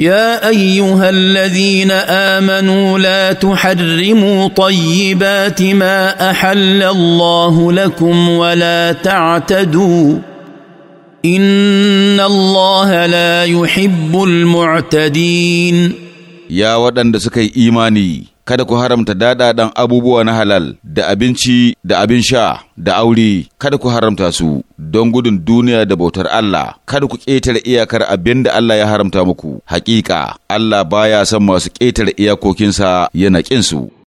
يا ايها الذين امنوا لا تحرموا طيبات ما احل الله لكم ولا تعتدوا ان الله لا يحب المعتدين يا ودن سكي ايماني kada ku haramta daɗaɗan abubuwa na halal da abinci da abin sha da aure kada ku haramta su don gudun duniya da bautar Allah kada ku ƙetare iyakar abin da Allah ya haramta muku hakika Allah baya son masu ƙetare iyakokinsa yana ƙinsu.